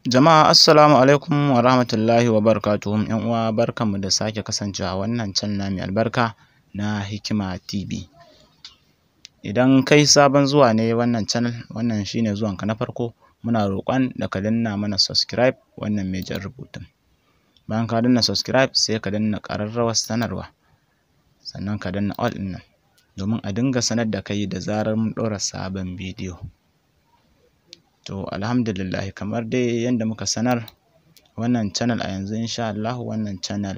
Jama'a assalamu alaikum wa rahmatullahi wa barakatuhum ‘yan uwa barkanmu da sake kasancewa wannan can mai albarka na Hikima TV. Idan kai sabon zuwa ne wannan channel wannan shine zuwan ka na farko muna roƙon da ka danna mana subscribe wannan mai rubutun. Bayan ka danna subscribe sai ka danna ƙararrawar sanarwa sannan ka danna all ɗin nan domin a dinga sanar da kai da zarar mun ɗora sabon bidiyo. To alhamdulillah kamar dai yadda muka sanar wannan channel a yanzu insha Allah wannan channel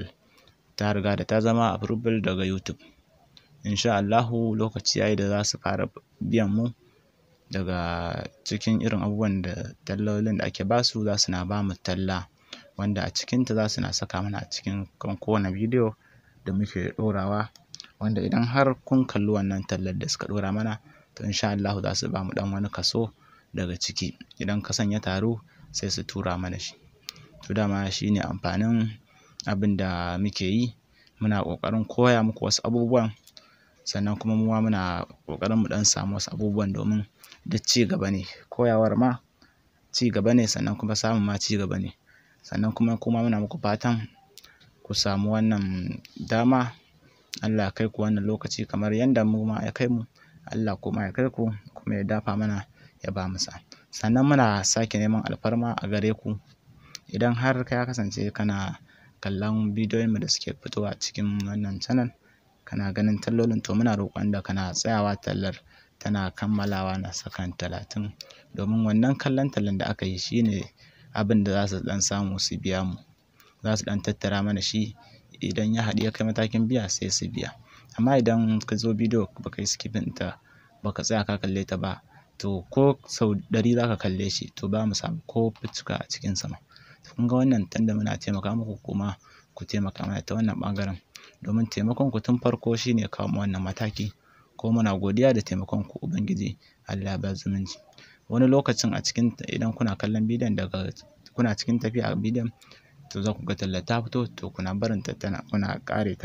ta riga da ta zama a approval daga YouTube. Insha Allah lokaci yayi da za su fara biyan mu daga cikin irin abubuwan da tallolin da ake basu za su na bamu talla wanda a cikinta za su na saka mana a cikin kankona kowane bidiyo da muke ɗorawa wanda idan har kun kalli wannan tallar da suka ɗora mana to insha Allah za su bamu dan wani kaso daga ciki idan ka sanya taru sai su tura mana shi to dama shine amfanin abin da muke yi muna ƙoƙarin koya muku wasu abubuwan sannan kuma ma muna ƙoƙarin mu ɗan samu wasu abubuwan domin duk ci ne koyawar ma ci gaba ne sannan kuma samun ma ci ne sannan kuma kuma muna muku fatan ku samu wannan dama Allah ya kai ku wannan lokaci kamar yadda mu ma ya kai mu Allah kuma ya kai ku kuma ya dafa mana ya ba masa sannan muna sake neman alfarma a gare ku idan har ka kasance kana kallon bidiyon mu da suke fitowa cikin wannan canal kana ganin tallolin to muna roƙon da kana tsayawa tallar tana kammalawa na sakan talatin domin wannan kallon tallan da aka yi shine abin da za su dan samu su biya mu za su dan tattara mana shi idan ya haɗu ya kai matakin biya sai su biya amma idan ka zo bidiyo baka yi skipping ta baka tsaya ka kalle ta ba to ko sau ɗari za ka kalle shi to ba mu samu ko fuska a cikin sama kun ga wannan tanda muna taimaka muku kuma ku taimaka mana ta wannan ɓangaren domin taimakon ku tun farko shi ne kawo mu wannan mataki ko muna godiya da taimakon ku ubangiji Allah ba zumunci wani lokacin a cikin idan kuna kallon bidiyon daga kuna cikin tafiya a bidiyon to za ku ga talla ta fito to kuna barin ta kuna ƙare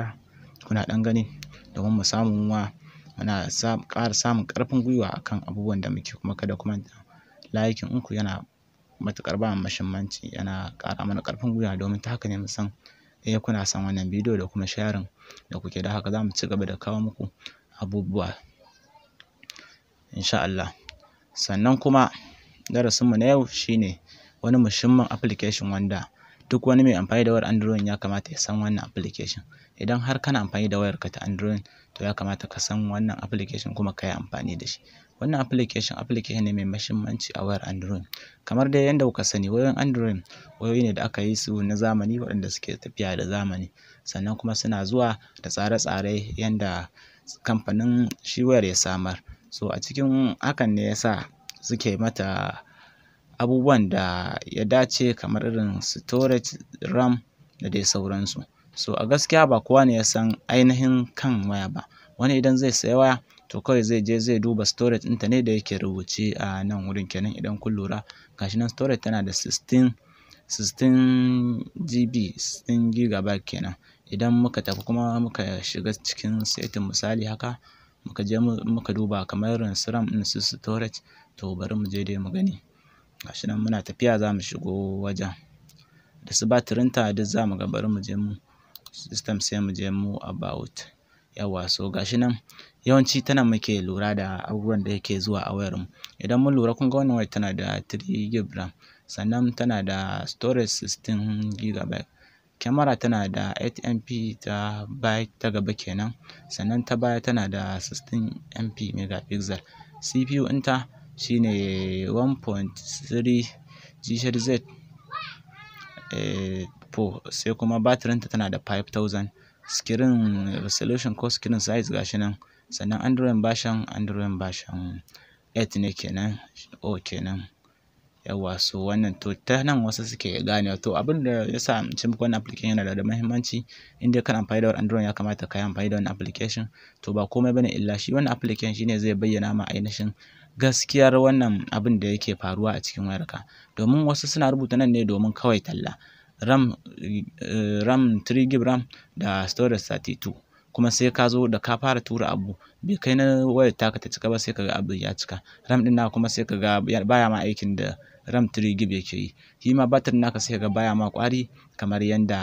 kuna ɗan gani domin mu samu ma muna ƙara samun ƙarfin gwiwa a kan abubuwan da muke kuma kada kuma manta laikin yana matuƙar ba mu muhimmanci yana ƙara mana ƙarfin gwiwa domin ta haka ne mu san eh kuna son wannan bidiyo da kuma sharing da kuke da haka za mu ci gaba da kawo muku abubuwa insha Allah sannan kuma darasinmu na yau shine wani muhimmin application wanda duk wani mai amfani da wayar Android ya kamata ya san wannan application idan har kana amfani da wayarka ta Android to ya kamata ka san wannan application kuma ka yi amfani da shi wannan application application ne mai mahimmanci a wayar android kamar dai yadda kuka sani wayoyin android wayoyi ne da aka yi su na zamani waɗanda suke tafiya da zamani sannan kuma suna zuwa da tsare-tsare yadda kamfanin shi wayar ya samar so a cikin hakan ne yasa suke mata abubuwan da ya dace kamar irin storage ram da dai sauransu so a gaskiya ba kowa ne ya san ainihin kan waya ba wani idan zai saya waya to kawai zai je zai duba storage ɗinta ne da yake rubuce a nan wurin kenan idan kun lura gashi nan storage tana da 16 16 GB 16 kenan idan muka tafi kuma muka shiga cikin setting misali haka muka je muka duba kamar irin su RAM su storage to bari mu je dai mu gani gashi nan muna tafiya za mu shigo wajen da su batirinta duk za mu ga bari mu je mu system sai mu je mu about yawa so gashi nan yawanci tana muke lura da abubuwan da yake zuwa a wayar mu idan mun lura kun ga wannan wayar tana da 3 gb ram sannan tana da storage 16 gb kyamara tana da 8 mp ta baya ta gaba kenan sannan ta baya tana da 16 mp megapixel cpu ɗinta shine 1.3 GHz eh, sai kuma batirinta tana da 5000 screen resolution ko screen size gashi nan sannan android version android version 8 ne kenan o kenan yawa so wannan to ta nan wasu suke gane to abin da ya sa ce muku wannan application yana da muhimmanci in dai kana amfani da android ya kamata ka yi amfani da wannan application to ba komai bane illa shi wannan application shine zai bayyana ma ainihin gaskiyar wannan abin da yake faruwa a cikin wayarka domin wasu suna rubuta nan ne domin kawai talla ram eh, ram 3 gb ram da storage 32 kuma sai ka zo da ka fara tura abu bai kai na wayar taka ta cika ba sai kaga abu ya cika ram ɗin naka kuma sai kaga baya ma aikin da ram 3 gb yake yi shi ma batir naka sai kaga baya ma kwari kamar yanda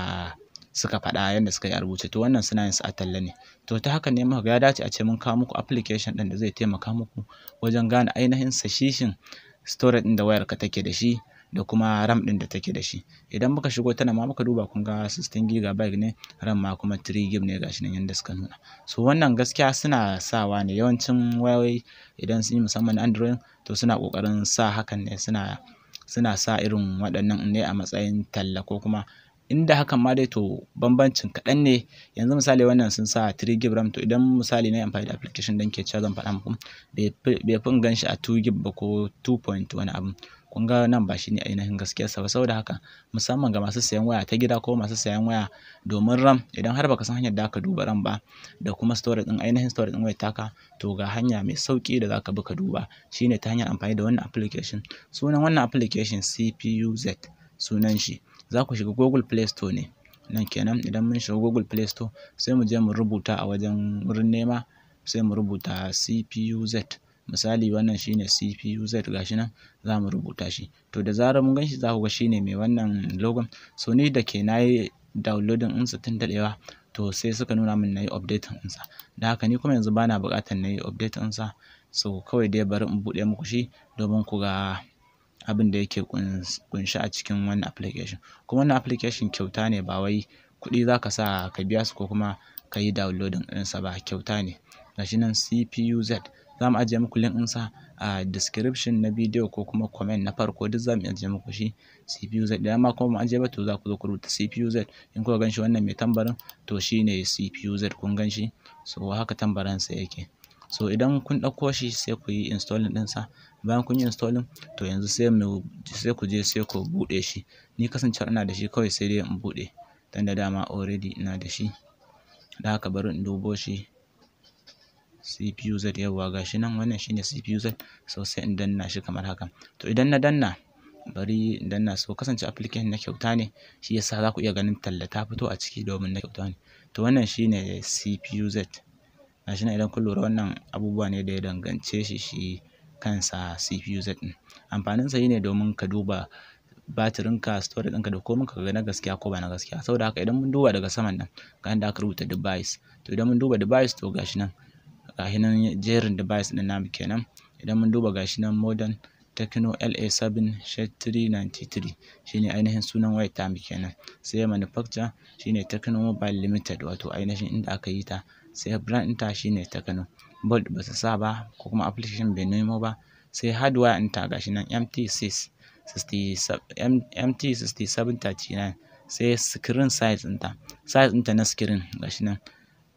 suka faɗa yanda suka yi a rubuce to wannan suna yin su a talla ne to ta haka ne muka ga ya dace a ce mun kawo muku application ɗin da zai taimaka muku wajen gane ainihin sashishin storage ɗin da ka take da shi da kuma RAM ɗin da take da shi idan muka shigo tana ma muka duba kun ga 16 GB ne RAM ma kuma 3 GB ne gashi nan yanda suka nuna so wannan gaskiya suna sawa ne yawancin wayoyi idan sun yi musamman Android to suna ƙoƙarin sa hakan ne suna suna sa irin waɗannan ne a matsayin talla ko kuma inda hakan ma dai to bambancin kaɗan ne yanzu misali wannan sun sa 3 gb ram to idan misali na amfani da application ɗin ke cewa zan faɗa muku bai fi in gan shi a 2 gb ba ko 2.1 abin kun ga nan ba shi shine ainihin gaskiyar sa ba saboda haka musamman ga masu sayan waya ta gida ko masu sayan waya domin RAM idan har baka san hanyar da ka duba RAM ba da kuma storage din ainihin storage din wayar taka to ga hanya mai sauki da zaka bi ka duba shine ta hanyar amfani da wannan application sunan wannan application CPUZ sunan shi za ku shiga Google Play Store ne nan kenan idan mun shiga Google Play Store sai mu je mu rubuta a wajen wurin nema sai mu rubuta CPUZ misali wannan shine cpuz ga gashi nan za mu rubuta shi to da zarar mun ganshi za ku ga shine mai wannan logon so ni da ke nayi downloading ɗinsa tun daɗewa to sai suka nuna min yi update sa da haka ni kuma yanzu bana buƙatar yi update sa so kawai dai bari in buɗe muku shi domin ku ga abin da yake kunshi a cikin wannan application kuma wannan application kyauta ne ba wai kuɗi za ka sa ka biya su ko kuma ka yi downloading ɗinsa ba kyauta ne gashi nan CPUZ za mu ajiye muku link ɗinsa a description na video, ko kuma comment na farko duk za mu ajiye muku shi CPUZ idan ma kuma mu ajiye ba to za ku zo ku rubuta CPUZ in kuka ganshi wannan mai tambarin to shi ne CPUZ kun ganshi so haka tambarin sa yake so idan kun ɗauko shi sai ku yi installing ɗinsa bayan kun yi installing to yanzu sai mu sai ku je sai ku buɗe shi ni kasancewar ina da shi kawai sai dai in buɗe dan da dama already ina da shi da haka bari in dubo shi CPU Z ga gashi nan wannan shine CPU Z so sai in danna shi kamar haka to idan na danna bari in danna so kasance application na kyauta ne shi yasa za ku iya ganin talla ta fito a ciki domin na kyauta ne to wannan shine CPU Z gashi nan idan kun lura wannan abubuwa ne da ya dangance shi shi kansa CPU amfanin sa ne domin ka duba batirin ka storage ɗinka da komai ka ga na gaskiya ko ba na gaskiya saboda haka idan mun duba daga saman nan ga inda aka rubuta device to idan mun duba device to gashi nan gashi nan jerin device ɗin namu kenan idan mun duba gashi nan modern Tecno LA7 393 shine ainihin sunan wayar tamu kenan sai manufacturer shine Tecno Mobile Limited wato ainihin inda aka yi ta sai brand shi shine Tecno bold ba su sa ba ko kuma application bai nemo ba sai hardware ta gashi nan MT6 MT6739 sai screen size ɗinta size ɗinta na screen gashi nan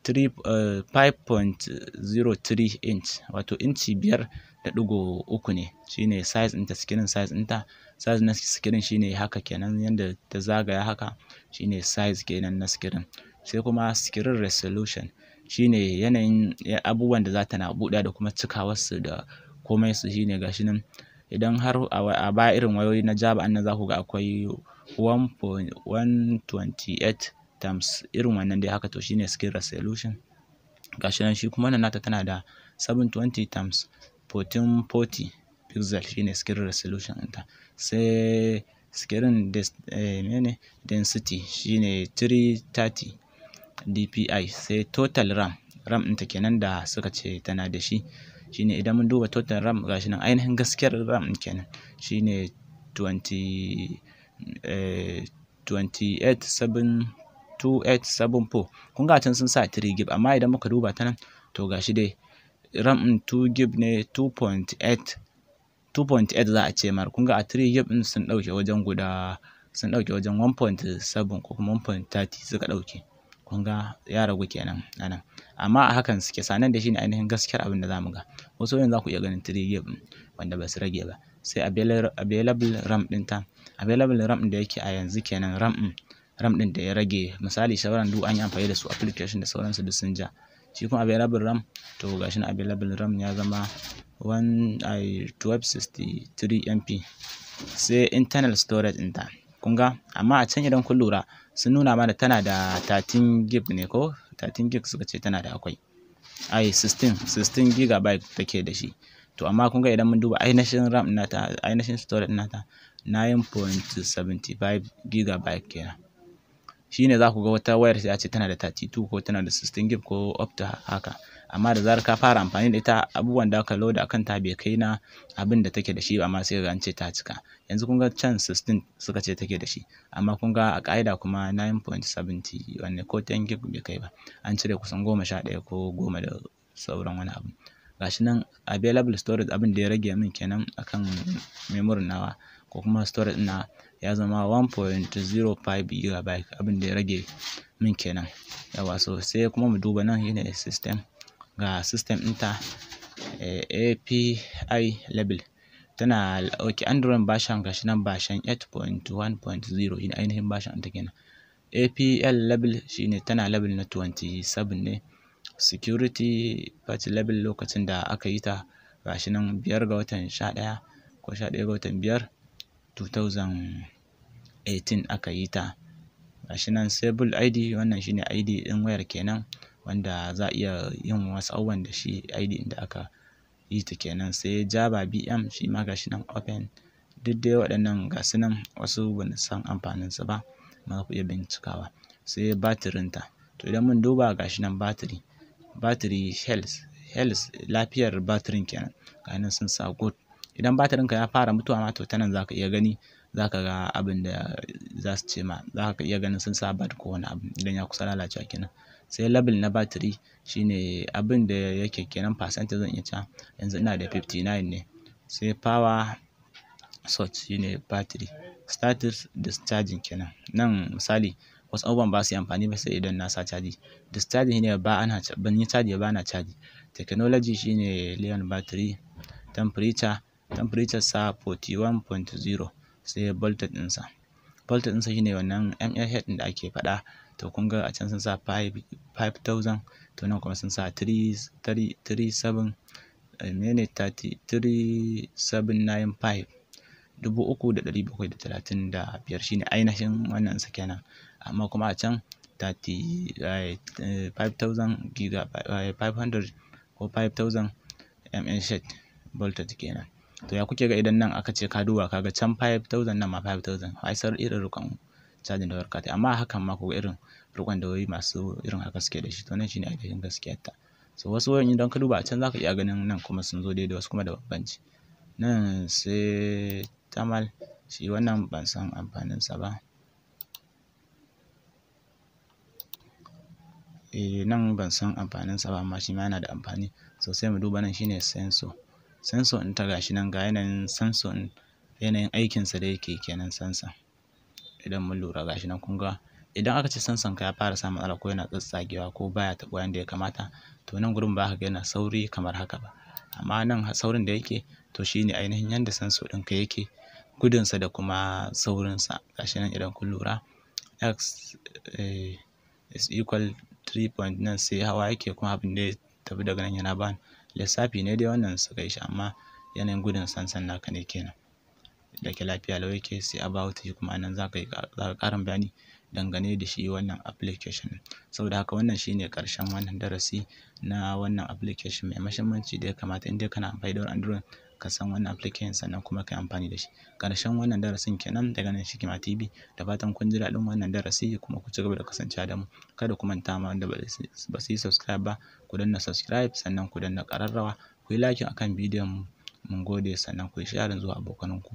5.03 eh, inch wato inci biyar da ɗigo uku ne shine size ɗinta screen size ɗinta size na screen shine haka kenan yadda ta zagaya haka shine size kenan na screen sai kuma screen resolution shine yanayin abubuwan da za ta na buɗa da kuma cikawarsu da komai su shine gashi nan idan har a baya irin wayoyi na jaba annan za ku ga akwai 1.128 terms irin wannan dai haka to shine screen resolution gashi nan shi kuma wannan nata tana da 720 times 1440 pixel shine screen resolution ɗinta sai screen eh, density shine 330 dpi sai total ram ram ɗinta kenan da suka ce tana da shi shine idan mun duba total ram gashi nan ainihin gaskiyar ram ɗin kenan shine 20 eh, 287 2874 kun ga can sun sa 3 gib amma idan muka duba ta nan to gashi dai ram 2 gib ne 2.8 2.8 za a ce mar kun ga a 3 gib din sun ɗauke wajen guda sun dauke wajen 1.7 ko kuma 1.30 suka ɗauke kun ga ya ragu kenan anan amma a hakan suke sanan da shine ainihin gaskiyar abin da zamu ga wasu yanzu za ku iya ganin 3 gib wanda ba su rage ba sai available ram ta available ram da yake a yanzu kenan ram ram ɗin da ya rage misali sauran duk an yi amfani da su application da sauransu duk sun ja shi kuma available ram to gashi na available ram ya zama 1263 mp sai internal storage ɗinta kun ga amma a can idan kun lura sun nuna mana tana da 13 gig ne ko 13 gig suka ce tana da akwai ai 16 16 gigabyte take da shi to amma kun ga idan mun duba ainihin ram nata ainihin storage nata 9.75 gigabyte kenan Shi ne za ku ga wata wayar sai a ce tana da 32 ko tana da 16 gig ko up to haka amma da zarar ka fara amfani da ita abubuwan da aka loda akan ta bai kai na abin da take da shi amma sai ga an ce ta cika yanzu kun ga can 16 suka ce take da shi amma kun ga a ƙa'ida kuma 9.70 wanne ko 10 gig bai kai ba an cire kusan goma sha ɗaya ko goma da sauran wani abu gashi nan available storage abin da ya rage min kenan akan memory nawa ko kuma storage na ya zama 1.05 GB abin da ya rage min kenan yawa so sai kuma mu duba nan shine system ga system ta eh, API level tana ok android version gashi nan version 8.1.0 shine ainihin version ta kenan APL level shine tana level na 27 ne security patch level lokacin da aka yi ta gashi nan biyar ga watan 11 ko 11 ga watan biyar 2018 aka yi ta gashi nan Sable ID wannan shine ID din wayar kenan wanda za a iya yin wasu abubuwan da shi ID da aka yi ta kenan sai Java BM shi ma gashi nan open duk dai waɗannan su nan wasu ban san amfanin su ba ma ku iya bincikawa sai batirin ta to idan mun duba gashi nan batiri batiri health health lafiyar batirin kenan ga nan sun sa good idan batirinka ya fara mutuwa ma to ta nan za ka iya gani za ka ga abin da za su ce ma za ka iya ganin sun sa bat ko wani abu idan ya kusa lalacewa kenan sai level na batiri shine abin da yake kenan percentage zan iya cewa yanzu ina da 59 ne sai power source shine battery status discharging kenan nan misali wasu abubuwan ba su yi amfani ba sai idan na sa caji discharge shine ba ana ban yi caji ba na caji technology shine leon battery temperature temperature sa 41.0 sai voltage ɗinsa voltage ɗinsa shine wannan mAh ɗin da ake faɗa to kun ga a can sun sa 5000 to nan kuma sun sa 37 menene 3795 dubu uku da ɗari da talatin da biyar shine ainihin wannan sa kenan amma kuma a can 5,000 eh, eh, giga 500 eh, ko 5,000 mAh voltage kenan to ya kuke ga idan nan aka ce ka duba ka ga can 5000 nan ma 5000 ai sar irin rukun cajin da warka ta amma hakan ma ko irin rukun da wai masu irin haka suke da shi to nan shine ainihin gaskiya ta so wasu wayoyin idan ka duba a can zaka iya ganin nan kuma sun zo daidai wasu kuma da bambanci nan sai tamal shi wannan ban san amfaninsa ba eh nan ban san sa ba amma shi ma yana da amfani so sai mu duba nan shine sensor sensor ɗin ta gashi nan ga yanayin ɗin yanayin aikinsa da yake kenan sensor Idan mun lura gashi nan kun ga idan aka ce sensor ka ya fara samun matsala ko yana tsatsagewa ko baya taɓuwa yanda ya kamata to nan gurin ba ka ga yana sauri kamar haka ba. Amma nan saurin da yake to shine ainihin yanda ɗin ɗinka yake gudunsa da kuma saurinsa. Gashi nan idan kun lura X eh, is equal 3.9 sai hawa yake kuma abin da ya tafi daga nan yana ban lissafi ne dai wannan suka yi shi amma yanayin gudun sansan naka ne kenan da ke lafiya lau yake sai about shi kuma nan za ka yi ƙarin bayani dangane da shi wannan application saboda haka wannan shine ƙarshen wannan darasi na wannan application mai muhimmanci da ya kamata in dai kana amfani da android ka san wannan application sannan kuma ka amfani da shi. Ƙarshen wannan darasin kenan daga nan Hikima TV. Da fatan kun ji daɗin wannan darasi kuma ku ci gaba da kasancewa da mu. Kada ku manta ma wanda ba su yi subscribe ba, ku danna subscribe sannan ku danna ƙararrawa. Ku yi liking akan bidiyon mu. Mun gode sannan ku yi sharing zuwa abokanan ku